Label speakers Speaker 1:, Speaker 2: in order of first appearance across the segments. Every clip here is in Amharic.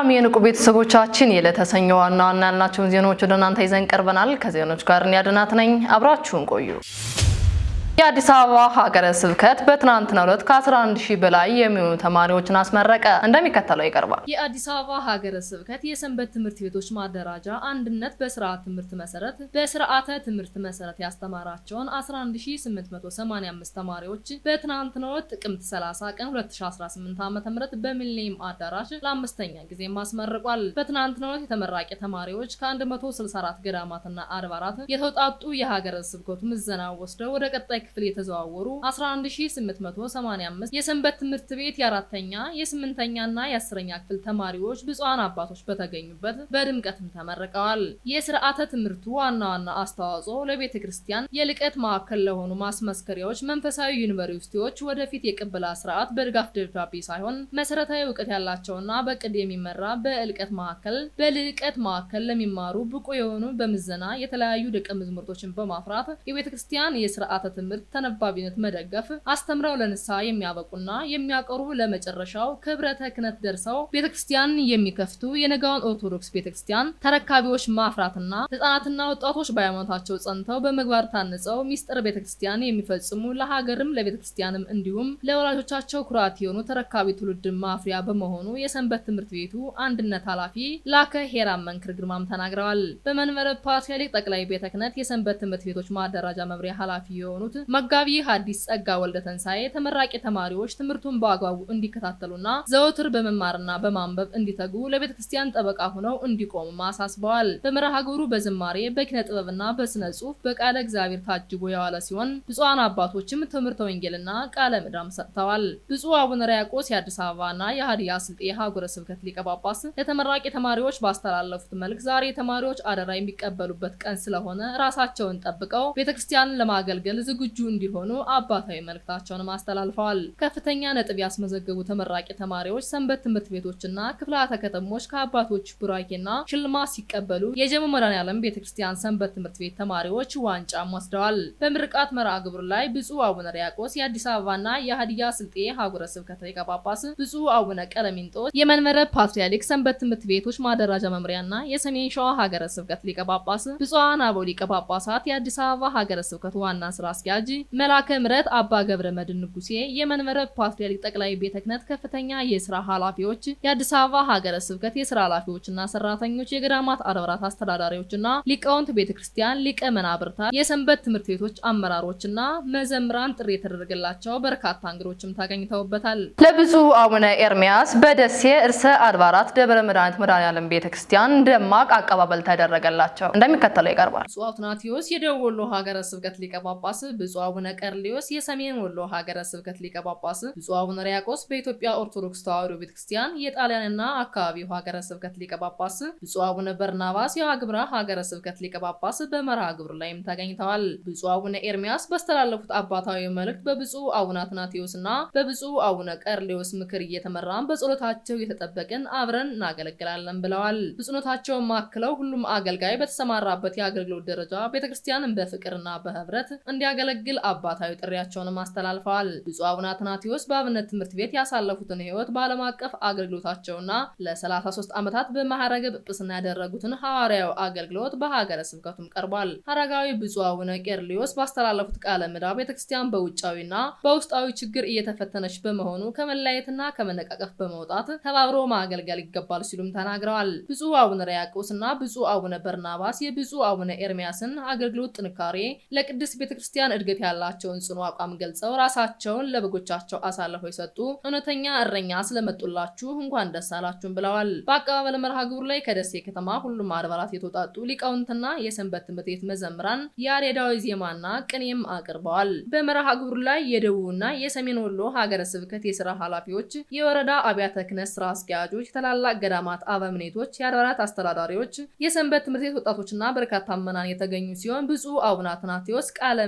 Speaker 1: ሰላም የንቁ ቤተሰቦቻችን የለተሰኘ ዋና ዋና ያልናቸውን ዜናዎች ወደ እናንተ ይዘን ቀርበናል። ከዜናዎች ጋር እኒያድናት ነኝ። አብራችሁን ቆዩ። የአዲስ አበባ ሀገረ ስብከት በትናንትናው ዕለት ከ11 ሺህ በላይ የሚሆኑ ተማሪዎችን አስመረቀ። እንደሚከተለው ይቀርባል። የአዲስ አበባ ሀገረ ስብከት የሰንበት ትምህርት ቤቶች ማደራጃ አንድነት በስርዓት ትምህርት መሰረት በስርዓተ ትምህርት መሰረት ያስተማራቸውን 11885 ተማሪዎች በትናንትናው ዕለት ጥቅምት 30 ቀን 2018 ዓ.ም በሚሌኒየም አዳራሽ ለአምስተኛ ጊዜ አስመርቋል። በትናንትናው ዕለት የተመራቂ ተማሪዎች ከ164 ገዳማትና አድባራት የተውጣጡ የሀገረ ስብከቱ ምዘና ወስደው ወደ ቀጣይ ክፍል የተዘዋወሩ 11885 የሰንበት ትምህርት ቤት የአራተኛ የስምንተኛና የአስረኛ ክፍል ተማሪዎች ብፁዓን አባቶች በተገኙበት በድምቀትም ተመርቀዋል። የስርዓተ ትምህርቱ ዋና ዋና አስተዋጽኦ ለቤተ ክርስቲያን የልቀት ማዕከል ለሆኑ ማስመስከሪያዎች መንፈሳዊ ዩኒቨርሲቲዎች ወደፊት የቅብላ ስርዓት በድጋፍ ደብዳቤ ሳይሆን መሰረታዊ እውቀት ያላቸውና በቅድ የሚመራ በልቀት ማዕከል በልቀት ማዕከል ለሚማሩ ብቁ የሆኑ በምዘና የተለያዩ ደቀ መዝሙርቶችን በማፍራት የቤተ ክርስቲያን የስርዓተ ትምህርት ትምህርት ተነባቢነት መደገፍ አስተምረው ለንስሐ የሚያበቁና የሚያቀሩ ለመጨረሻው ክብረተ ክህነት ደርሰው ቤተክርስቲያን የሚከፍቱ የነገዋን ኦርቶዶክስ ቤተክርስቲያን ተረካቢዎች ማፍራትና ህጻናትና ወጣቶች በሃይማኖታቸው ጸንተው በምግባር ታንጸው ሚስጥር ቤተክርስቲያን የሚፈጽሙ ለሀገርም ለቤተክርስቲያንም እንዲሁም ለወላጆቻቸው ኩራት የሆኑ ተረካቢ ትውልድ ማፍሪያ በመሆኑ የሰንበት ትምህርት ቤቱ አንድነት ኃላፊ ላከ ሄራን መንክር ግርማም ተናግረዋል። በመንበረ ፓትርያርክ ጠቅላይ ቤተ ክህነት የሰንበት ትምህርት ቤቶች ማደራጃ መምሪያ ኃላፊ የሆኑት መጋቢ ሐዲስ ጸጋ ወልደ ተንሳኤ ተመራቂ ተማሪዎች ትምህርቱን በአግባቡ እንዲከታተሉና ዘወትር በመማርና በማንበብ እንዲተጉ ለቤተ ክርስቲያን ጠበቃ ሆነው እንዲቆሙ አሳስበዋል። በመርሃ ግብሩ በዝማሬ በኪነ ጥበብና በስነ ጽሁፍ በቃለ እግዚአብሔር ታጅቦ የዋለ ሲሆን ብፁዓን አባቶችም ትምህርተ ወንጌልና ቃለ ምዳም ሰጥተዋል። ብፁዕ አቡነ ሪያቆስ የአዲስ አበባና የሀዲያ ስልጤ ሀገረ ስብከት ሊቀ ጳጳስ ተማሪዎች ባስተላለፉት መልክ ዛሬ ተማሪዎች አደራ የሚቀበሉበት ቀን ስለሆነ ራሳቸውን ጠብቀው ቤተክርስቲያንን ለማገልገል ዝግጁ ዝግጁ እንዲሆኑ አባታዊ መልእክታቸውንም አስተላልፈዋል። ከፍተኛ ነጥብ ያስመዘገቡ ተመራቂ ተማሪዎች ሰንበት ትምህርት ቤቶችና ክፍላተ ከተሞች ከአባቶች ቡራኬና ሽልማት ሲቀበሉ የጀሞ መድኃኔዓለም ቤተክርስቲያን ሰንበት ትምህርት ቤት ተማሪዎች ዋንጫም ወስደዋል። በምርቃት መርሃ ግብሩ ላይ ብፁዕ አቡነ ሪያቆስ የአዲስ አበባና የሀዲያ ስልጤ ሀገረ ስብከት ሊቀ ጳጳስ፣ ብፁዕ አቡነ ቀለሚንጦስ የመንመረ ፓትርያርክ ሰንበት ትምህርት ቤቶች ማደራጃ መምሪያና የሰሜን ሸዋ ሀገረ ስብከት ሊቀ ጳጳስ፣ ብፁዓን አበው ሊቀ ጳጳሳት የአዲስ አበባ ሀገረ ስብከት ዋና ስራ አስኪያጅ አዘጋጅ መላከ ምረት አባ ገብረ መድን ንጉሴ፣ የመንበረ ፓትርያርክ ጠቅላይ ቤተ ክህነት ከፍተኛ የስራ ኃላፊዎች፣ የአዲስ አበባ ሀገረ ስብከት የስራ ኃላፊዎችና ሰራተኞች፣ የገዳማት አድባራት አስተዳዳሪዎችና ሊቃውንት ቤተ ክርስቲያን ሊቀ መናብርታት፣ የሰንበት ትምህርት ቤቶች አመራሮችና መዘምራን ጥሪ የተደረገላቸው በርካታ እንግዶችም ታገኝተውበታል። ለብፁዕ አቡነ ኤርሚያስ በደሴ እርሰ አድባራት ደብረ መድኃኒት መድኃኔዓለም ቤተ ክርስቲያን ደማቅ አቀባበል ተደረገላቸው። እንደሚከተለው ይቀርባል። ብፁዕ አትናቴዎስ ሀገረ ስብከት ሊቀ ጳጳስ፣ ብፁዕ አቡነ ቀርሌዎስ የሰሜን ወሎ ሀገረ ስብከት ሊቀ ጳጳስ፣ ብፁዕ አቡነ ሪያቆስ በኢትዮጵያ ኦርቶዶክስ ተዋሕዶ ቤተክርስቲያን፣ የጣሊያንና አካባቢው ሀገረ ስብከት ሊቀ ጳጳስ፣ ብፁዕ አቡነ በርናባስ የዋግኽምራ ሀገረ ስብከት ሊቀ ጳጳስ በመርሃ ግብሩ ላይም ተገኝተዋል። ብፁዕ አቡነ ኤርሚያስ በስተላለፉት አባታዊ መልእክት በብፁዕ አቡነ አትናቴዎስና በብፁዕ አቡነ ቀርሌዎስ ምክር እየተመራን በጸሎታቸው የተጠበቅን አብረን እናገለግላለን ብለዋል። ብፁዕነታቸውን ማክለው ሁሉም አገልጋይ በተሰማራበት የአገልግሎት ደረጃ ቤተክርስቲያንን በፍቅርና በህብረት እንዲያገለግል ግል አባታዊ ጥሪያቸውንም አስተላልፈዋል። ብፁዕ አቡነ አትናቴዎስ በአብነት ትምህርት ቤት ያሳለፉትን ህይወት በዓለም አቀፍ አገልግሎታቸውና ለ33 ዓመታት በማዕረገ ጵጵስና ያደረጉትን ሐዋርያዊ አገልግሎት በሀገረ ስብከቱም ቀርቧል። ሐረጋዊ ብፁዕ አቡነ ቄርሊዮስ ባስተላለፉት ቃለ ምዕዳው ቤተክርስቲያን በውጫዊና በውስጣዊ ችግር እየተፈተነች በመሆኑ ከመለያየትና ከመነቃቀፍ በመውጣት ተባብሮ ማገልገል ይገባል ሲሉም ተናግረዋል። ብፁዕ አቡነ ርያቆስና ብፁዕ አቡነ በርናባስ የብፁዕ አቡነ ኤርሚያስን አገልግሎት ጥንካሬ ለቅድስት ቤተክርስቲያን እድገ እድገት ያላቸውን ጽኑ አቋም ገልጸው ራሳቸውን ለበጎቻቸው አሳልፈው የሰጡ እውነተኛ እረኛ ስለመጡላችሁ እንኳን ደስ አላችሁም ብለዋል። በአቀባበል መርሃ ግብሩ ላይ ከደሴ ከተማ ሁሉም አድባራት የተውጣጡ ሊቃውንትና የሰንበት ትምህርት ቤት መዘምራን ያሬዳዊ ዜማና ቅኔም አቅርበዋል። በመርሃ ግብሩ ላይ የደቡብና የሰሜን ወሎ ሀገረ ስብከት የስራ ኃላፊዎች፣ የወረዳ አብያተ ክህነት ስራ አስኪያጆች፣ ታላላቅ ገዳማት አበምኔቶች፣ የአድባራት አስተዳዳሪዎች፣ የሰንበት ትምህርት ቤት ወጣቶችና በርካታ መናን የተገኙ ሲሆን ብፁዕ አቡነ አትናቴዎስ ቃለ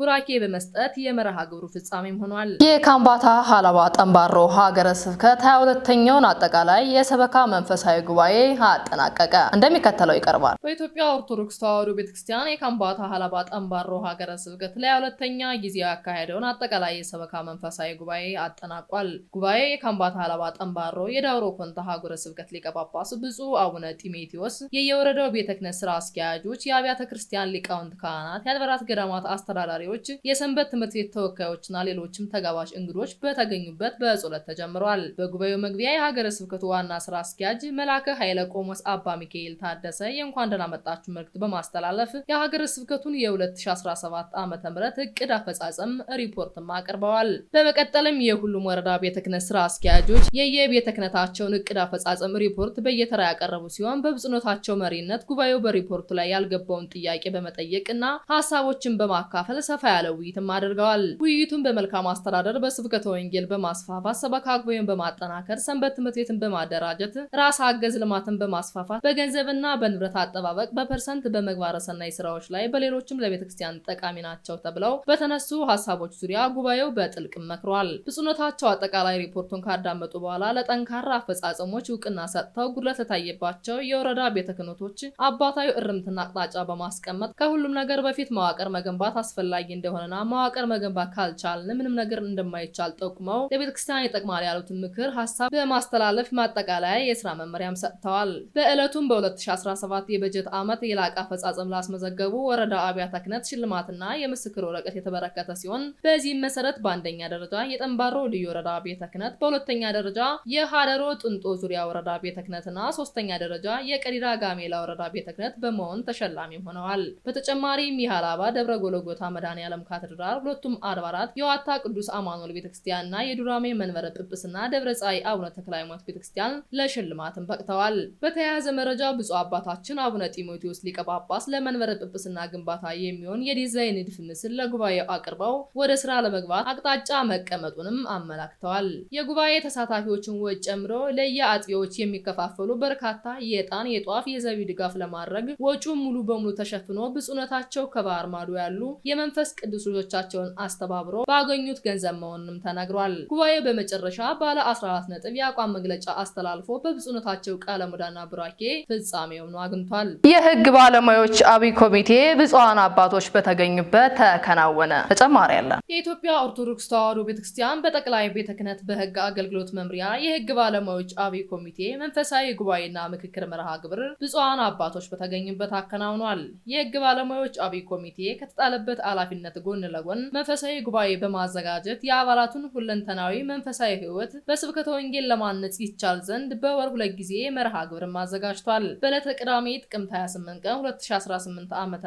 Speaker 1: ቡራኬ በመስጠት የመርሃ ግብሩ ፍጻሜም ሆኗል። የካምባታ ሀላባ ጠንባሮ ሀገረ ስብከት 22ኛውን አጠቃላይ የሰበካ መንፈሳዊ ጉባኤ አጠናቀቀ። እንደሚከተለው ይቀርባል። በኢትዮጵያ ኦርቶዶክስ ተዋሕዶ ቤተክርስቲያን የካምባታ ሀላባ ጠንባሮ ሀገረ ስብከት ላይ ሁለተኛ ጊዜ ያካሄደውን አጠቃላይ የሰበካ መንፈሳዊ ጉባኤ አጠናቋል። ጉባኤ የካምባታ ሀላባ ጠንባሮ የዳውሮ ኮንታ ሀገረ ስብከት ሊቀ ጳጳስ ብፁዕ አቡነ ጢሞቴዎስ፣ የየወረዳው ቤተ ክህነት ስራ አስኪያጆች፣ የአብያተ ክርስቲያን ሊቃውንት ካህናት፣ የአድባራት ገዳማት አስተዳደ ተመራማሪዎች፣ የሰንበት ትምህርት ቤት ተወካዮችና ሌሎችም ተጋባዥ እንግዶች በተገኙበት በጸሎት ተጀምሯል። በጉባኤው መግቢያ የሀገረ ስብከቱ ዋና ስራ አስኪያጅ መላከ ኃይለ ቆሞስ አባ ሚካኤል ታደሰ የእንኳን ደህና መጣችሁ መልእክት በማስተላለፍ የሀገረ ስብከቱን የ2017 ዓ ም እቅድ አፈጻጸም ሪፖርትም አቅርበዋል። በመቀጠልም የሁሉም ወረዳ ቤተ ክህነት ስራ አስኪያጆች የየቤተ ክህነታቸውን እቅድ አፈጻጸም ሪፖርት በየተራ ያቀረቡ ሲሆን በብፁዕነታቸው መሪነት ጉባኤው በሪፖርቱ ላይ ያልገባውን ጥያቄ በመጠየቅ እና ሀሳቦችን በማካፈል ሰፋ ያለ ውይይትም አድርገዋል። ውይይቱን በመልካም አስተዳደር፣ በስብከተ ወንጌል በማስፋፋት ሰበካ ጉባኤን በማጠናከር ሰንበት ትምህርት ቤትን በማደራጀት ራስ አገዝ ልማትን በማስፋፋት በገንዘብና በንብረት አጠባበቅ በፐርሰንት በመግባረ ሰናይ ስራዎች ላይ በሌሎችም ለቤተ ክርስቲያን ጠቃሚ ናቸው ተብለው በተነሱ ሀሳቦች ዙሪያ ጉባኤው በጥልቅ መክሯል። ብፁዕነታቸው አጠቃላይ ሪፖርቱን ካዳመጡ በኋላ ለጠንካራ አፈጻጸሞች እውቅና ሰጥተው ጉድለት ለታየባቸው የወረዳ ቤተ ክህነቶች አባታዊ እርምትና አቅጣጫ በማስቀመጥ ከሁሉም ነገር በፊት መዋቅር መገንባት አስፈ አስፈላጊ እንደሆነና መዋቅር መገንባት ካልቻልን ምንም ነገር እንደማይቻል ጠቁመው ለቤተክርስቲያን ይጠቅማል ያሉትን ምክር ሀሳብ በማስተላለፍ ማጠቃለያ የስራ መመሪያም ሰጥተዋል። በዕለቱም በ2017 የበጀት ዓመት የላቀ አፈጻጸም ላስመዘገቡ ወረዳ አብያተ ክህነት ሽልማትና የምስክር ወረቀት የተበረከተ ሲሆን በዚህም መሰረት በአንደኛ ደረጃ የጠንባሮ ልዩ ወረዳ ቤተ ክህነት፣ በሁለተኛ ደረጃ የሀደሮ ጥንጦ ዙሪያ ወረዳ ቤተ ክህነትና ሶስተኛ ደረጃ የቀዲራ ጋሜላ ወረዳ ቤተ ክህነት በመሆን ተሸላሚ ሆነዋል። በተጨማሪም የሃላባ ደብረ ጎለጎታ ዓለም ካቴድራል፣ ሁለቱም አድባራት፣ የዋታ ቅዱስ አማኑኤል ቤተክርስቲያን እና የዱራሜ መንበረ ጵጵስና ደብረ ፀሐይ አቡነ ተክለ ሃይማኖት ቤተክርስቲያን ለሽልማትም በቅተዋል። በተያያዘ መረጃ ብፁዕ አባታችን አቡነ ጢሞቴዎስ ሊቀ ጳጳስ ለመንበረ ጵጵስና ግንባታ የሚሆን የዲዛይን ንድፍ ምስል ለጉባኤው አቅርበው ወደ ስራ ለመግባት አቅጣጫ መቀመጡንም አመላክተዋል። የጉባኤ ተሳታፊዎችን ወጪ ጨምሮ ለየአጥቢያዎች የሚከፋፈሉ በርካታ የዕጣን የጧፍ የዘቢ ድጋፍ ለማድረግ ወጪው ሙሉ በሙሉ ተሸፍኖ ብፁዕነታቸው ከባህር ማዶ ያሉ የመንፈስ ቅዱስ ልጆቻቸውን አስተባብሮ ባገኙት ገንዘብ መሆኑንም ተናግሯል። ጉባኤው በመጨረሻ ባለ 14 ነጥብ የአቋም መግለጫ አስተላልፎ በብፁዕነታቸው ቃለ ሙዳና ቡራኬ ፍጻሜውን አግኝቷል። የህግ ባለሙያዎች አብይ ኮሚቴ ብፁዓን አባቶች በተገኙበት ተከናወነ። ተጨማሪ ያለ የኢትዮጵያ ኦርቶዶክስ ተዋሕዶ ቤተክርስቲያን በጠቅላይ ቤተ ክህነት በህግ አገልግሎት መምሪያ የህግ ባለሙያዎች አብይ ኮሚቴ መንፈሳዊ ጉባኤና ምክክር መርሃ ግብር ብፁዓን አባቶች በተገኙበት አከናውኗል። የህግ ባለሙያዎች አብይ ኮሚቴ ከተጣለበት ኃላፊነት ጎን ለጎን መንፈሳዊ ጉባኤ በማዘጋጀት የአባላቱን ሁለንተናዊ መንፈሳዊ ሕይወት በስብከተ ወንጌል ለማነጽ ይቻል ዘንድ በወር ሁለት ጊዜ መርሃ ግብርን አዘጋጅቷል። በዕለተ ቅዳሜ ጥቅምት 28 ቀን 2018 ዓ ም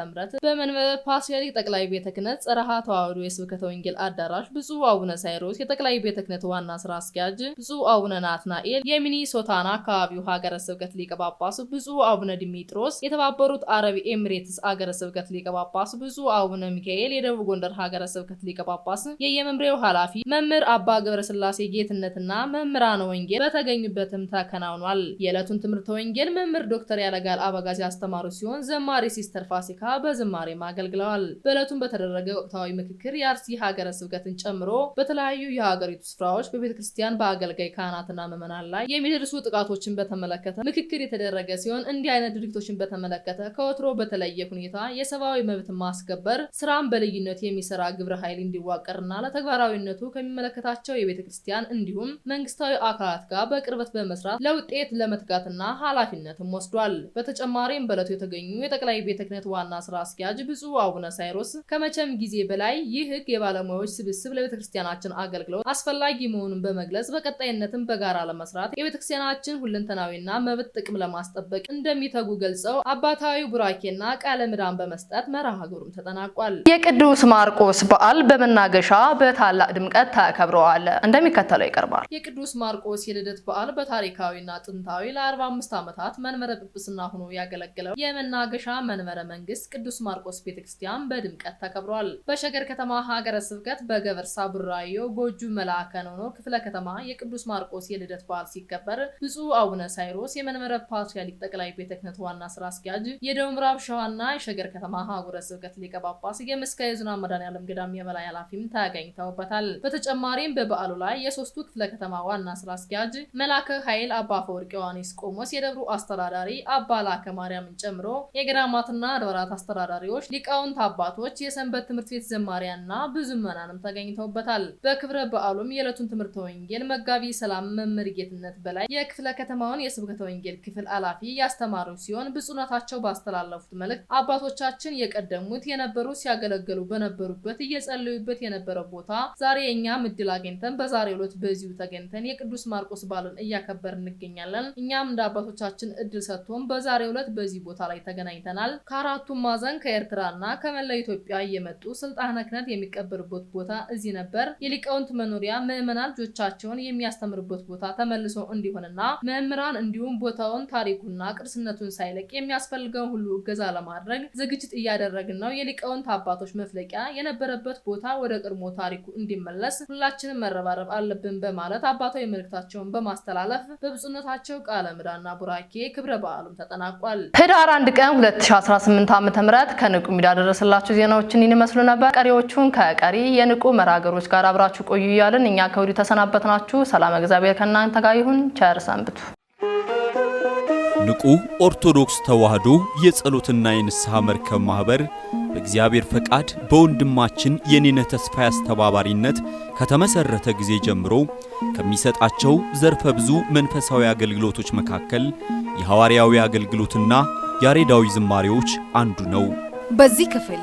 Speaker 1: በመንበረ ፓትርያርክ ጠቅላይ ቤተ ክህነት ተዋህዶ ተዋሕዶ የስብከተ ወንጌል አዳራሽ ብፁዕ አቡነ ሳይሮስ የጠቅላይ ቤተ ክህነት ዋና ስራ አስኪያጅ፣ ብፁዕ አቡነ ናትናኤል የሚኒሶታና አካባቢው ሀገረ ስብከት ሊቀ ጳጳስ፣ ብፁዕ አቡነ ዲሚጥሮስ የተባበሩት አረብ ኤምሬትስ አገረ ስብከት ሊቀ ጳጳስ፣ ብፁዕ አቡነ ሚካኤል ሚካኤል የደቡብ ጎንደር ሀገረ ስብከት ሊቀ ጳጳስ፣ የየመምሬው ኃላፊ መምህር አባ ገብረስላሴ ጌትነትና መምህራነ ወንጌል በተገኙበትም ተከናውኗል። የዕለቱን ትምህርተ ወንጌል መምህር ዶክተር ያለጋል አበጋዝ ያስተማሩ ሲሆን ዘማሪ ሲስተር ፋሲካ በዝማሬም አገልግለዋል። በዕለቱም በተደረገ ወቅታዊ ምክክር የአርሲ ሀገረ ስብከትን ጨምሮ በተለያዩ የሀገሪቱ ስፍራዎች በቤተ ክርስቲያን በአገልጋይ ካህናትና ምዕመናን ላይ የሚደርሱ ጥቃቶችን በተመለከተ ምክክር የተደረገ ሲሆን እንዲህ አይነት ድርጊቶችን በተመለከተ ከወትሮ በተለየ ሁኔታ የሰብአዊ መብት ማስከበር ስራ በጣም በልዩነት የሚሰራ ግብረ ኃይል እንዲዋቀርና ለተግባራዊነቱ ከሚመለከታቸው የቤተ ክርስቲያን እንዲሁም መንግስታዊ አካላት ጋር በቅርበት በመስራት ለውጤት ለመትጋትና ኃላፊነትም ወስዷል። በተጨማሪም በእለቱ የተገኙ የጠቅላይ ቤተ ክህነት ዋና ስራ አስኪያጅ ብፁዕ አቡነ ሳይሮስ ከመቼም ጊዜ በላይ ይህ ህግ የባለሙያዎች ስብስብ ለቤተ ክርስቲያናችን አገልግሎት አስፈላጊ መሆኑን በመግለጽ በቀጣይነትም በጋራ ለመስራት የቤተ ክርስቲያናችን ሁለንተናዊና መብት ጥቅም ለማስጠበቅ እንደሚተጉ ገልጸው አባታዊ ቡራኬና ቃለ ምዳን በመስጠት መርሃ ግብሩም ተጠናቋል። የቅዱስ ማርቆስ በዓል በመናገሻ በታላቅ ድምቀት ተከብረዋል። እንደሚከተለው ይቀርባል። የቅዱስ ማርቆስ የልደት በዓል በታሪካዊና ጥንታዊ ለ45 ዓመታት መንበረ ጵጵስና ሆኖ ያገለግለው የመናገሻ መንበረ መንግስት ቅዱስ ማርቆስ ቤተክርስቲያን በድምቀት ተከብሯል። በሸገር ከተማ ሀገረ ስብከት በገበርሳ ቡራዮ ጎጁ መልአከ ኖኖ ክፍለ ከተማ የቅዱስ ማርቆስ የልደት በዓል ሲከበር ብፁዕ አቡነ ሳይሮስ የመንበረ ፓትርያርክ ጠቅላይ ቤተ ክህነት ዋና ስራ አስኪያጅ፣ የደቡብ ምዕራብ ሸዋና የሸገር ከተማ ሀገረ ስብከት ሊቀ ጳጳስ እስከ የዝናብ መድኃኔዓለም ገዳም የበላይ ኃላፊም ተገኝተውበታል። በተጨማሪም በበዓሉ ላይ የሶስቱ ክፍለ ከተማ ዋና ስራ አስኪያጅ መላከ ኃይል አባ ፈወርቅ ዮሐንስ ቆሞስ፣ የደብሩ አስተዳዳሪ አባ ላከ ማርያምን ጨምሮ የገዳማትና አድባራት አስተዳዳሪዎች፣ ሊቃውንት አባቶች፣ የሰንበት ትምህርት ቤት ዘማሪያንና ብዙ ምዕመናንም ተገኝተውበታል። በክብረ በዓሉም የዕለቱን ትምህርተ ወንጌል መጋቢ ሰላም መምህር ጌትነት በላይ የክፍለ ከተማውን የስብከተ ወንጌል ክፍል ኃላፊ ያስተማሩ ሲሆን ብፁዕነታቸው ባስተላለፉት መልእክት አባቶቻችን የቀደሙት የነበሩ ሲያገ እያገለገሉ በነበሩበት እየጸለዩበት የነበረው ቦታ ዛሬ እኛም እድል አግኝተን በዛሬ ዕለት በዚሁ ተገኝተን የቅዱስ ማርቆስ በዓልን እያከበር እንገኛለን። እኛም እንደ አባቶቻችን እድል ሰጥቶን በዛሬ ዕለት በዚህ ቦታ ላይ ተገናኝተናል። ከአራቱም ማዕዘን ከኤርትራና ከመላ ኢትዮጵያ እየመጡ ስልጣነ ክህነት የሚቀበርበት ቦታ እዚህ ነበር። የሊቃውንት መኖሪያ ምዕመናን ልጆቻቸውን የሚያስተምርበት ቦታ ተመልሶ እንዲሆንና መምህራን እንዲሁም ቦታውን ታሪኩና ቅርስነቱን ሳይለቅ የሚያስፈልገውን ሁሉ እገዛ ለማድረግ ዝግጅት እያደረግን ነው። የሊቃውንት አባ የአባቶች መፍለቂያ የነበረበት ቦታ ወደ ቀድሞ ታሪኩ እንዲመለስ ሁላችንም መረባረብ አለብን በማለት አባታዊ መልእክታቸውን በማስተላለፍ በብፁዕነታቸው ቃለ ምዕዳንና ቡራኬ ክብረ በዓሉም ተጠናቋል። ህዳር አንድ ቀን 2018 ም ከንቁ ሚዲያ ደረሰላችሁ ዜናዎችን ይመስሉ ነበር። ቀሪዎቹን ከቀሪ የንቁ መርሃግብሮች ጋር አብራችሁ ቆዩ እያልን እኛ ከወዲሁ ተሰናበትናችሁ። ሰላም እግዚአብሔር ከእናንተ ጋር ይሁን። ቸር ሰንብቱ። ንቁ ኦርቶዶክስ ተዋህዶ የጸሎትና የንስሐ መርከብ ማህበር በእግዚአብሔር ፈቃድ በወንድማችን የኔነ ተስፋዬ አስተባባሪነት ከተመሰረተ ጊዜ ጀምሮ ከሚሰጣቸው ዘርፈ ብዙ መንፈሳዊ አገልግሎቶች መካከል የሐዋርያዊ አገልግሎትና ያሬዳዊ ዝማሬዎች አንዱ ነው። በዚህ ክፍል